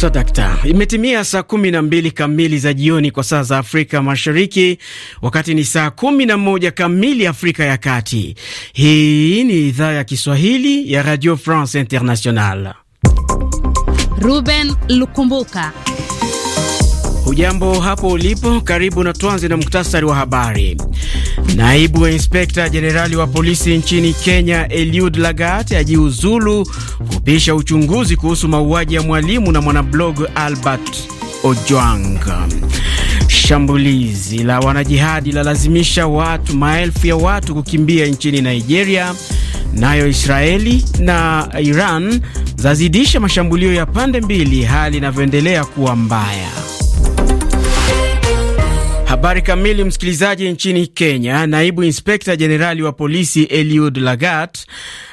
Sadakta. Imetimia saa kumi na mbili kamili za jioni kwa saa za Afrika Mashariki, wakati ni saa kumi na moja kamili Afrika ya Kati. Hii ni idhaa ya Kiswahili ya Radio France International. Ruben Lukumbuka, hujambo hapo ulipo? Karibu na tuanze na muktasari wa habari. Naibu inspekta jenerali wa polisi nchini Kenya Eliud Lagat ajiuzulu kupisha uchunguzi kuhusu mauaji ya mwalimu na mwanablog Albert Ojwang. Shambulizi la wanajihadi lalazimisha watu maelfu ya watu kukimbia nchini Nigeria. Nayo Israeli na Iran zazidisha mashambulio ya pande mbili, hali inavyoendelea kuwa mbaya. Habari kamili, msikilizaji. Nchini Kenya, naibu inspekta jenerali wa polisi Eliud Lagat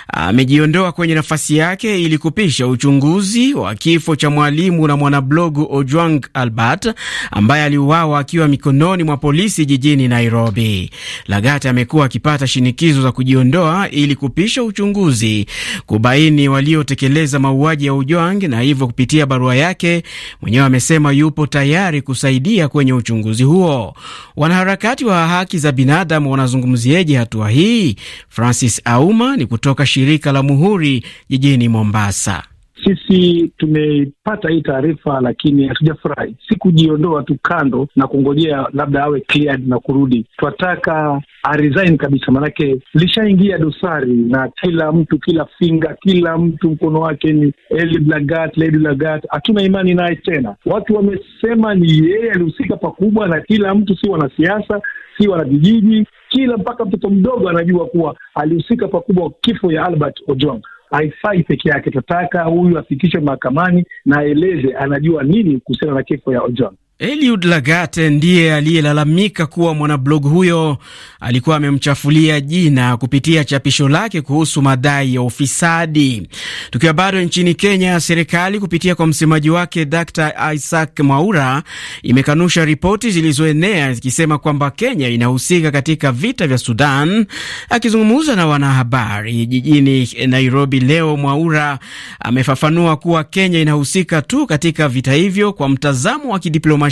amejiondoa kwenye nafasi yake ili kupisha uchunguzi wa kifo cha mwalimu na mwanablogu Ojwang Albert ambaye aliuawa akiwa mikononi mwa polisi jijini Nairobi. Lagat amekuwa akipata shinikizo za kujiondoa ili kupisha uchunguzi kubaini waliotekeleza mauaji ya Ojwang, na hivyo kupitia barua yake mwenyewe amesema yupo tayari kusaidia kwenye uchunguzi huo. Wanaharakati wa haki za binadamu wanazungumzieje hatua hii? Francis Auma ni kutoka shirika la Muhuri jijini Mombasa. Sisi tumeipata hii taarifa lakini hatujafurahi. Si kujiondoa tu kando na kungojea labda awe cleared na kurudi, twataka aresign kabisa, maanake lishaingia dosari na kila mtu, kila finga, kila mtu mkono wake ni Eli Lagat, Lady Lagat. Hatuna imani naye tena. Watu wamesema ni yeye alihusika pakubwa, na kila mtu, si wanasiasa si wanavijiji, kila mpaka mtoto mdogo anajua kuwa alihusika pakubwa kifo ya Albert Ojwang. Haifai peke yake, tunataka huyu afikishwe mahakamani na aeleze anajua nini kuhusiana na kifo ya Ojwang. Eliud Lagat ndiye aliyelalamika kuwa mwanablog huyo alikuwa amemchafulia jina kupitia chapisho lake kuhusu madai ya ufisadi. Tukiwa bado nchini Kenya, serikali kupitia kwa msemaji wake Dr Isaac Mwaura imekanusha ripoti zilizoenea zikisema kwamba Kenya inahusika katika vita vya Sudan. Akizungumza na wanahabari jijini Nairobi leo, Mwaura amefafanua kuwa Kenya inahusika tu katika vita hivyo kwa mtazamo wa kidiplomasia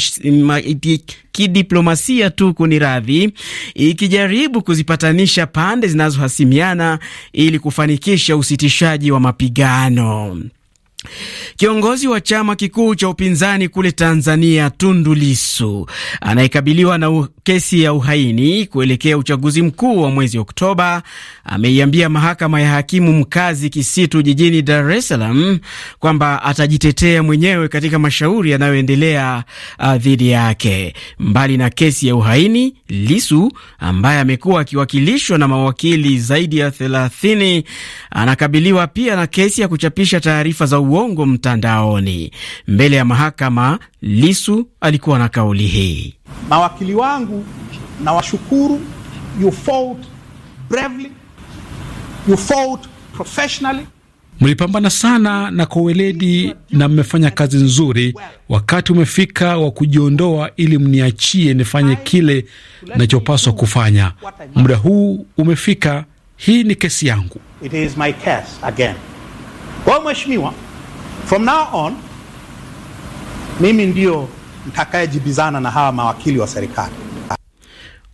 kidiplomasia tu kuniradhi, ikijaribu kuzipatanisha pande zinazohasimiana ili kufanikisha usitishaji wa mapigano. Kiongozi wa chama kikuu cha upinzani kule Tanzania, Tundu lisu anayekabiliwa na kesi ya uhaini kuelekea uchaguzi mkuu wa mwezi Oktoba ameiambia mahakama ya hakimu mkazi Kisitu jijini Dar es Salaam kwamba atajitetea mwenyewe katika mashauri yanayoendelea uh, dhidi yake. Mbali na kesi ya uhaini, lisu ambaye amekuwa akiwakilishwa na mawakili zaidi ya thelathini anakabiliwa pia na kesi ya kuchapisha taarifa za uo uongo mtandaoni. Mbele ya mahakama, Lisu alikuwa na kauli hii: mawakili wangu nawashukuru, you fought bravely, you fought professionally Mlipambana sana na kwa weledi na mmefanya kazi nzuri. Wakati umefika wa kujiondoa ili mniachie nifanye kile nachopaswa kufanya. Muda huu umefika. Hii ni kesi yangu. It is my case again. Kwa mheshimiwa From now on mimi ndio nitakayejibizana na hawa mawakili wa serikali.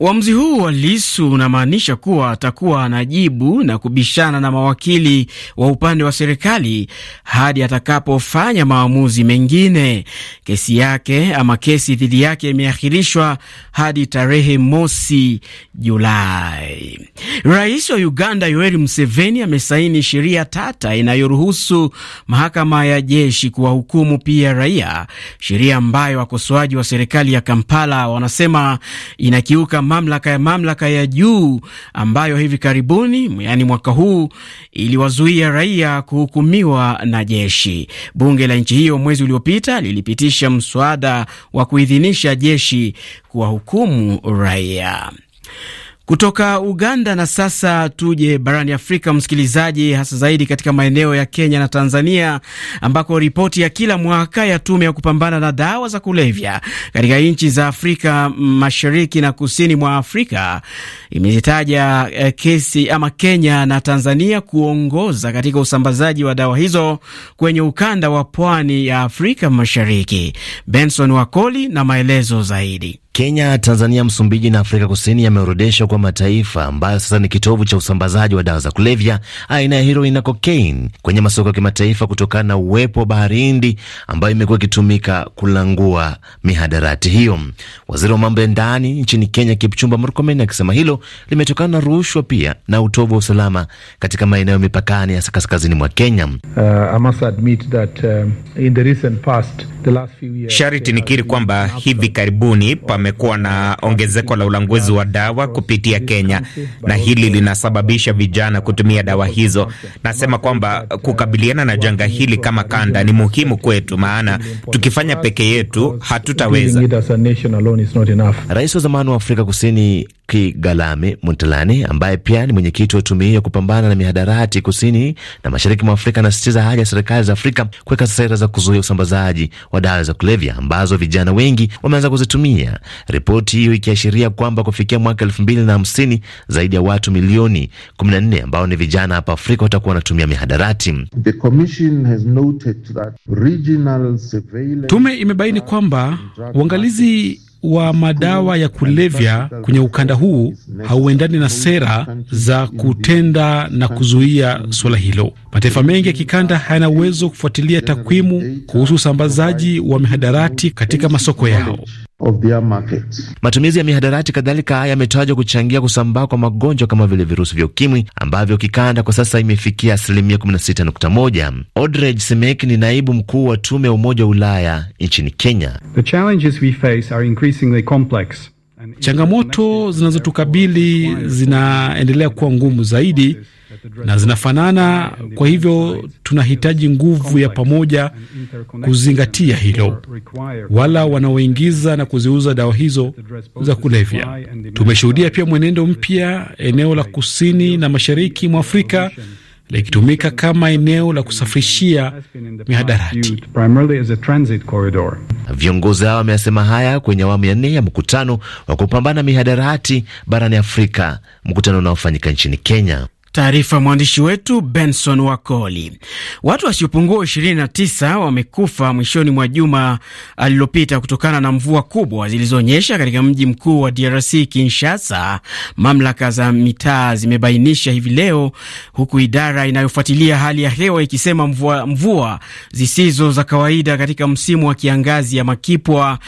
Uamuzi huu wa Lisu unamaanisha kuwa atakuwa anajibu na kubishana na mawakili wa upande wa serikali hadi atakapofanya maamuzi mengine. Kesi yake ama kesi dhidi yake imeahirishwa hadi tarehe mosi Julai. Rais wa Uganda Yoweri Museveni amesaini sheria tata inayoruhusu mahakama ya jeshi kuwahukumu pia raia, sheria ambayo wakosoaji wa serikali ya Kampala wanasema inakiuka mamlaka ya mamlaka ya juu ambayo hivi karibuni, yaani mwaka huu, iliwazuia raia kuhukumiwa na jeshi. Bunge la nchi hiyo mwezi uliopita lilipitisha mswada wa kuidhinisha jeshi kuwahukumu raia kutoka Uganda. Na sasa tuje barani Afrika, msikilizaji, hasa zaidi katika maeneo ya Kenya na Tanzania, ambako ripoti ya kila mwaka ya tume ya kupambana na dawa za kulevya katika nchi za Afrika Mashariki na kusini mwa Afrika imezitaja eh, kesi ama Kenya na Tanzania kuongoza katika usambazaji wa dawa hizo kwenye ukanda wa pwani ya Afrika Mashariki. Benson Wakoli na maelezo zaidi. Kenya, Tanzania, Msumbiji na Afrika Kusini yameorodeshwa kwa mataifa ambayo sasa ni kitovu cha usambazaji wa dawa za kulevya aina ya heroin na kokeini kwenye masoko ya kimataifa kutokana na uwepo wa bahari Hindi ambayo imekuwa ikitumika kulangua mihadarati hiyo. Waziri wa mambo ya ndani nchini Kenya, Kipchumba Murkomen, akisema hilo limetokana na rushwa pia na utovu wa usalama katika maeneo mipakani hasa kaskazini mwa Kenya. Uh, um, Sharti nikiri kwamba hivi karibuni pamekuwa na ongezeko la ulanguzi wa dawa kupitia Kenya, na hili linasababisha vijana kutumia dawa hizo. Nasema kwamba kukabiliana na janga hili kama kanda ni muhimu kwetu, maana tukifanya peke yetu hatutaweza. Rais wa zamani wa Afrika Kusini Luki Galame Muntalane ambaye pia ni mwenyekiti wa tume ya kupambana na mihadarati kusini na mashariki mwa Afrika anasisitiza haja ya serikali za Afrika kuweka sera za kuzuia usambazaji wa dawa za kulevya ambazo vijana wengi wameanza kuzitumia, ripoti hiyo ikiashiria kwamba kufikia mwaka elfu mbili na hamsini zaidi ya watu milioni 14 ambao ni vijana hapa Afrika watakuwa wanatumia mihadarati. Tume imebaini kwamba uangalizi wa madawa ya kulevya kwenye ukanda huu hauendani na sera za kutenda na kuzuia suala hilo. Mataifa mengi ya kikanda hayana uwezo wa kufuatilia takwimu kuhusu usambazaji wa mihadarati katika masoko yao. Matumizi ya mihadarati kadhalika yametajwa kuchangia kusambaa kwa magonjwa kama vile virusi vya ukimwi ambavyo kikanda kwa sasa imefikia asilimia 16.1. Odrej Semek ni naibu mkuu wa tume ya Umoja wa Ulaya nchini Kenya. The Changamoto zinazotukabili zinaendelea kuwa ngumu zaidi na zinafanana. Kwa hivyo tunahitaji nguvu ya pamoja kuzingatia hilo. Wala wanaoingiza na kuziuza dawa hizo za kulevya, tumeshuhudia pia mwenendo mpya eneo la kusini na mashariki mwa Afrika likitumika kama eneo la kusafirishia mihadarati. Viongozi hao wameyasema haya kwenye awamu ya nne ya mkutano wa kupambana mihadarati barani Afrika, mkutano unaofanyika nchini Kenya. Taarifa mwandishi wetu Benson Wakoli. Watu wasiopungua 29 wamekufa mwishoni mwa juma alilopita kutokana na mvua kubwa zilizonyesha katika mji mkuu wa DRC, Kinshasa, mamlaka za mitaa zimebainisha hivi leo, huku idara inayofuatilia hali ya hewa ikisema mvua, mvua zisizo za kawaida katika msimu wa kiangazi ya Makipwa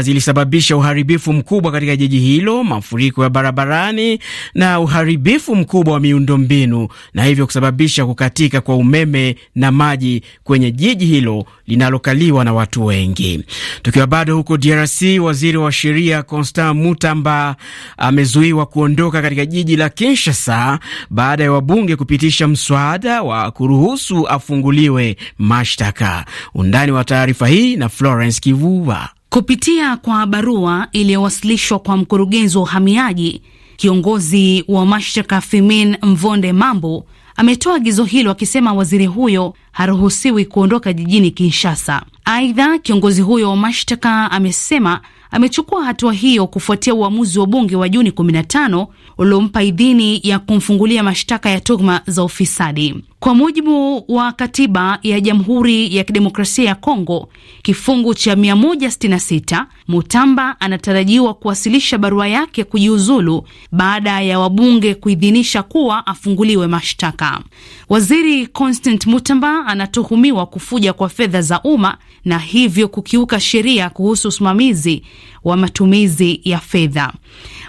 zilisababisha uharibifu mkubwa katika jiji hilo, mafuriko ya barabarani na uharibifu mkubwa wa miundo miundombinu na hivyo kusababisha kukatika kwa umeme na maji kwenye jiji hilo linalokaliwa na watu wengi. Tukiwa bado huko DRC, waziri wa sheria Constant Mutamba amezuiwa kuondoka katika jiji la Kinshasa baada ya wabunge kupitisha mswada wa kuruhusu afunguliwe mashtaka. Undani wa taarifa hii na Florence Kivuva. Kupitia kwa barua iliyowasilishwa kwa mkurugenzi wa uhamiaji, Kiongozi wa mashtaka firmin Mvonde Mambo ametoa agizo hilo akisema waziri huyo haruhusiwi kuondoka jijini Kinshasa. Aidha, kiongozi huyo wa mashtaka amesema amechukua hatua hiyo kufuatia uamuzi wa bunge wa Juni 15 uliompa idhini ya kumfungulia mashtaka ya tuhuma za ufisadi. Kwa mujibu wa katiba ya Jamhuri ya Kidemokrasia ya Kongo, kifungu cha 166, Mutamba anatarajiwa kuwasilisha barua yake kujiuzulu baada ya wabunge kuidhinisha kuwa afunguliwe mashtaka. Waziri Constant Mutamba anatuhumiwa kufuja kwa fedha za umma na hivyo kukiuka sheria kuhusu usimamizi wa matumizi ya fedha.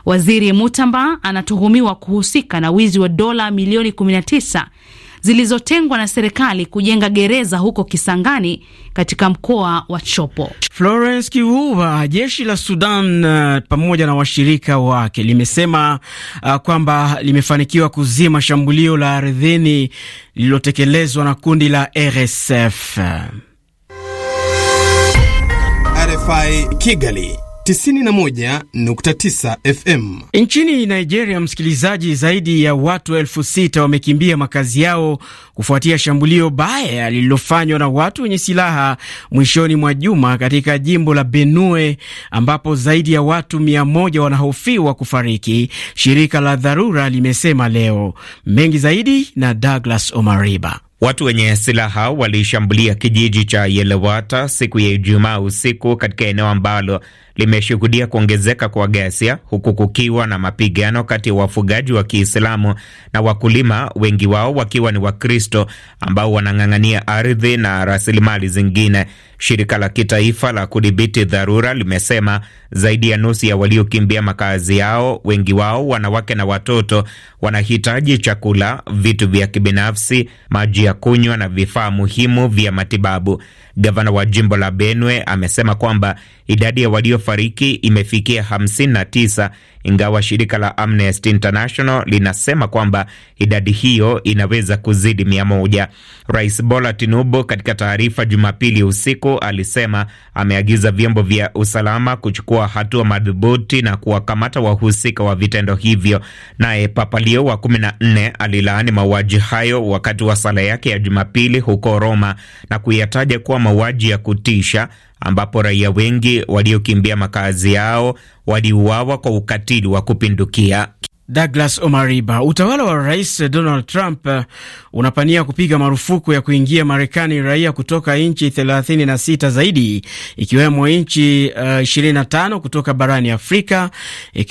Waziri Mutamba anatuhumiwa kuhusika na wizi wa dola milioni 19 zilizotengwa na serikali kujenga gereza huko Kisangani katika mkoa wa Chopo. Florence Kivuva. Jeshi la Sudan uh, pamoja na washirika wake limesema uh, kwamba limefanikiwa kuzima shambulio la ardhini lililotekelezwa na kundi la RSF. RFI Kigali 91.9 FM. Nchini Nigeria, msikilizaji, zaidi ya watu elfu sita wamekimbia makazi yao kufuatia shambulio baya lililofanywa na watu wenye silaha mwishoni mwa juma katika jimbo la Benue ambapo zaidi ya watu mia moja wanahofiwa kufariki, shirika la dharura limesema leo. Mengi zaidi na Douglas Omariba. Watu wenye silaha walishambulia kijiji cha Yelewata siku ya Ijumaa usiku katika eneo ambalo limeshuhudia kuongezeka kwa ghasia, huku kukiwa na mapigano kati ya wafugaji wa Kiislamu na wakulima, wengi wao wakiwa ni Wakristo ambao wanang'ang'ania ardhi na rasilimali zingine. Shirika la kitaifa la kudhibiti dharura limesema zaidi ya nusu ya waliokimbia makazi yao, wengi wao wanawake na watoto, wanahitaji chakula, vitu vya kibinafsi, maji ya kunywa na vifaa muhimu vya matibabu. Gavana wa jimbo la Benue amesema kwamba idadi ya waliofariki imefikia 59 ingawa shirika la Amnesty International linasema kwamba idadi hiyo inaweza kuzidi mia moja. Rais Bola Tinubu katika taarifa Jumapili usiku alisema ameagiza vyombo vya usalama kuchukua hatua madhubuti na kuwakamata wahusika wa vitendo hivyo. Naye Papa Leo wa kumi na nne alilaani mauaji hayo wakati wa sala yake ya Jumapili huko Roma na kuyataja kuwa mauaji ya kutisha ambapo raia wengi waliokimbia makazi yao waliuawa kwa ukatili wa kupindukia. Douglas Omariba, utawala wa Rais Donald Trump uh, unapania kupiga marufuku ya kuingia Marekani raia kutoka nchi 36 zaidi ikiwemo nchi uh, 25 kutoka barani Afrika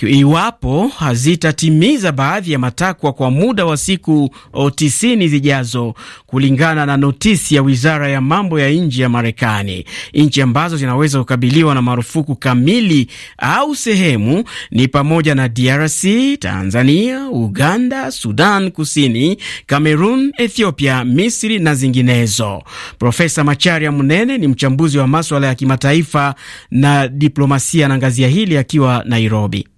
iwapo hazitatimiza baadhi ya matakwa kwa muda wa siku 90 zijazo, kulingana na notisi ya Wizara ya Mambo ya Nje ya Marekani. Nchi ambazo zinaweza kukabiliwa na marufuku kamili au sehemu ni pamoja na DRC, Tanzania, Tanzania, Uganda, Sudan Kusini, Kamerun, Ethiopia, Misri na zinginezo. Profesa Macharia Munene ni mchambuzi wa maswala ya kimataifa na diplomasia, na ya hili akiwa Nairobi.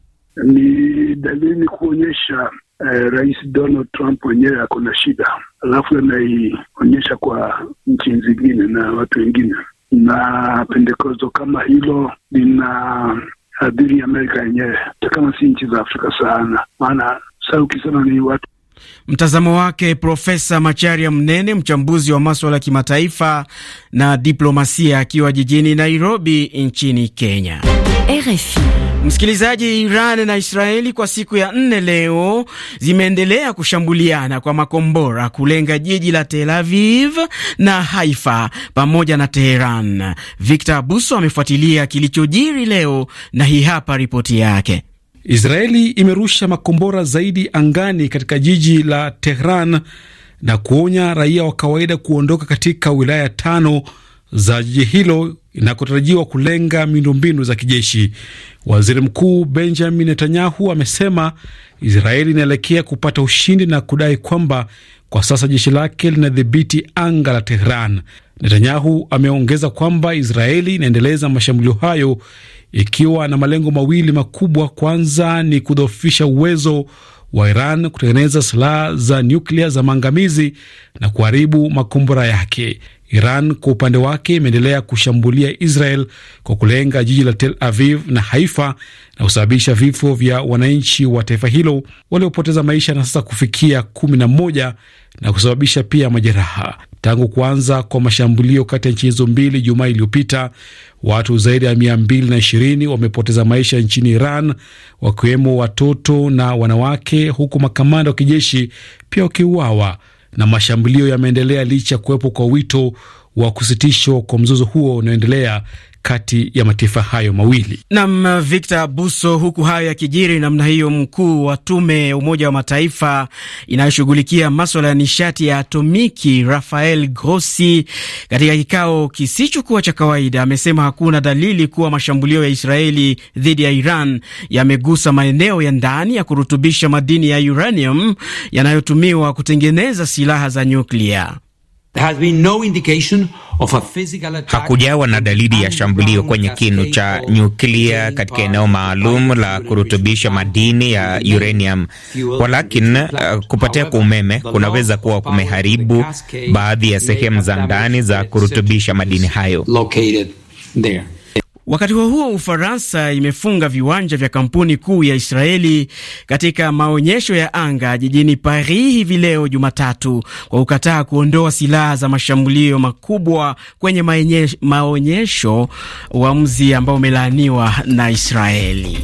Ni dalili kuonyesha eh, Rais Donald Trump mwenyewe ako na shida, alafu anaionyesha kwa nchi zingine na watu wengine, na pendekezo kama hilo lina uh, ya Amerika yenyewe, hata kama si nchi za Afrika sana, maana sasa ukisema ni watu Mtazamo wake Profesa Macharia Mnene, mchambuzi wa maswala ya kimataifa na diplomasia, akiwa jijini Nairobi nchini Kenya. RFI. Msikilizaji, Iran na Israeli kwa siku ya nne leo zimeendelea kushambuliana kwa makombora kulenga jiji la Tel Aviv na Haifa pamoja na Teheran. Victor Abuso amefuatilia kilichojiri leo na hii hapa ripoti yake. Israeli imerusha makombora zaidi angani katika jiji la Tehran na kuonya raia wa kawaida kuondoka katika wilaya tano za jiji hilo na kutarajiwa kulenga miundombinu za kijeshi. Waziri Mkuu Benjamin Netanyahu amesema Israeli inaelekea kupata ushindi na kudai kwamba kwa sasa jeshi lake linadhibiti anga la Tehran. Netanyahu ameongeza kwamba Israeli inaendeleza mashambulio hayo ikiwa na malengo mawili makubwa. Kwanza ni kudhoofisha uwezo wa Iran kutengeneza silaha za nyuklia za maangamizi na kuharibu makombora yake. Iran kwa upande wake imeendelea kushambulia Israel kwa kulenga jiji la Tel Aviv na Haifa na kusababisha vifo vya wananchi wa taifa hilo waliopoteza maisha na sasa kufikia kumi na moja na kusababisha pia majeraha. Tangu kuanza kwa mashambulio kati ya nchi hizo mbili Jumaa iliyopita, watu zaidi ya mia mbili na ishirini wamepoteza maisha nchini Iran, wakiwemo watoto na wanawake, huku makamanda wa kijeshi pia wakiuawa na mashambulio yameendelea licha ya kuwepo kwa wito wa kusitishwa kwa mzozo huo unaoendelea kati ya mataifa hayo mawili. Nam Victor Buso, huku hayo yakijiri namna hiyo, mkuu wa tume ya Umoja wa Mataifa inayoshughulikia maswala ya nishati ya atomiki Rafael Grossi katika kikao kisichokuwa cha kawaida amesema hakuna dalili kuwa mashambulio ya Israeli dhidi ya Iran yamegusa maeneo ya ndani ya kurutubisha madini ya uranium yanayotumiwa kutengeneza silaha za nyuklia. Hakujawa na dalili ya shambulio kwenye kinu cha nyuklia katika eneo maalum la kurutubisha madini ya uranium, walakin uh, kupotea kwa umeme kunaweza kuwa kumeharibu baadhi ya sehemu za ndani za kurutubisha madini hayo. Wakati huo huo, Ufaransa imefunga viwanja vya kampuni kuu ya Israeli katika maonyesho ya anga jijini Paris hivi leo Jumatatu kwa kukataa kuondoa silaha za mashambulio makubwa kwenye maonyesho, uamuzi ambao umelaaniwa na Israeli.